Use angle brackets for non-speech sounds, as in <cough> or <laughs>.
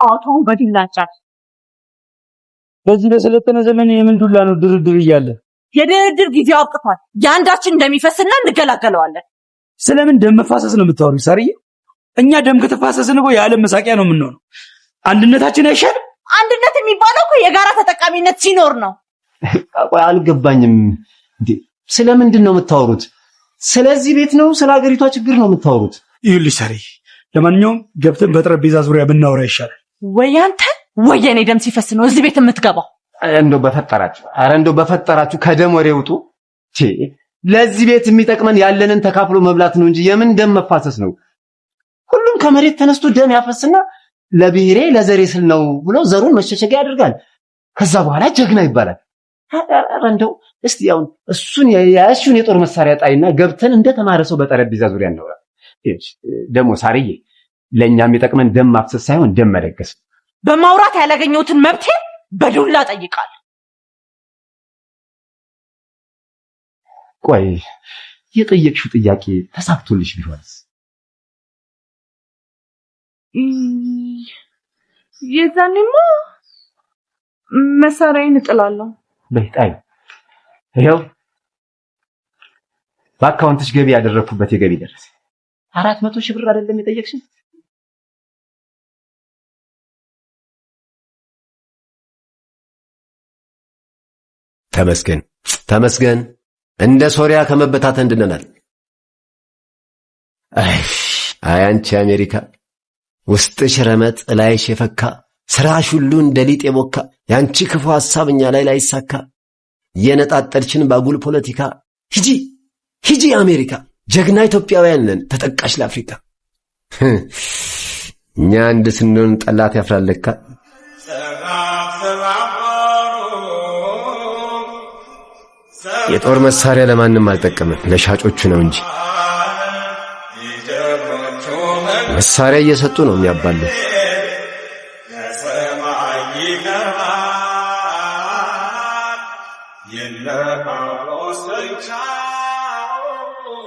ጣዖቱን በዱላ ጫት። በዚህ በሰለጠነ ዘመን የምን ዱላ ነው ድርድር እያለ? የድርድር ጊዜው አብቅቷል። የአንዳችን እንደሚፈስና እንገላገለዋለን። ስለምን ደም መፋሰስ ነው የምታወሩ ሳርዬ? እኛ ደም ከተፋሰስን እኮ የዓለም መሳቂያ ነው የምንሆነው። አንድነታችን አይሻልም? አንድነት የሚባለው እኮ የጋራ ተጠቃሚነት ሲኖር ነው። <laughs> አልገባኝም። ስለምንድን ነው የምታወሩት? ስለዚህ ቤት ነው ስለ ሀገሪቷ ችግር ነው የምታወሩት? ይኸውልሽ ሳርዬ ለማንኛውም ገብተን በጠረጴዛ ዙሪያ ብናወራ ይሻላል። ወይ አንተ ወይ ደም ሲፈስ ነው እዚህ ቤት የምትገባው። እንደው በፈጠራችሁ፣ አረ እንደው በፈጠራችሁ ከደም ወሬ ውጡ። ለዚህ ቤት የሚጠቅመን ያለንን ተካፍሎ መብላት ነው እንጂ የምን ደም መፋሰስ ነው? ሁሉም ከመሬት ተነስቶ ደም ያፈስና ለብሔሬ ለዘሬ ስል ነው ብሎ ዘሩን መሸሸጊያ ያደርጋል። ከዛ በኋላ ጀግና ይባላል። እንደው እስቲ ያው እሱን የያሽውን የጦር መሳሪያ ጣይና ገብተን እንደተማረሰው ሰው በጠረጴዛ ዙሪያ እናውራ። ደግሞ ሳርዬ ለእኛ የሚጠቅመን ደም ማፍሰስ ሳይሆን ደም መለገስ። በማውራት ያላገኘሁትን መብቴ በዱላ ጠይቃል። ቆይ የጠየቅሽው ጥያቄ ተሳክቶልሽ ቢሆንስ? የዛኔማ መሳሪያዬን እጥላለሁ። በይጣይ ይኸው በአካውንትሽ ገቢ ያደረኩበት የገቢ ደረሰኝ አራት መቶ ሺህ ብር አይደለም የጠየቅሽኝ? ተመስገን ተመስገን። እንደ ሶሪያ ከመበታተን እንድነናል። አይ አንቺ አሜሪካ ውስጥሽ ረመጥ ላይሽ የፈካ ስራሽ ሁሉ እንደ ሊጥ የቦካ ያንቺ ክፉ ሐሳብ እኛ ላይ ላይሳካ የነጣጠልችን ባጉል ፖለቲካ ሂጂ ሂጂ አሜሪካ። ጀግና ኢትዮጵያውያን ነን ተጠቃሽ ለአፍሪካ። እኛ አንድ ስንሆን ጠላት ያፍራል ለካ። የጦር መሳሪያ ለማንም አልጠቀምም፣ ለሻጮቹ ነው እንጂ። መሳሪያ እየሰጡ ነው የሚያባሉ። የለ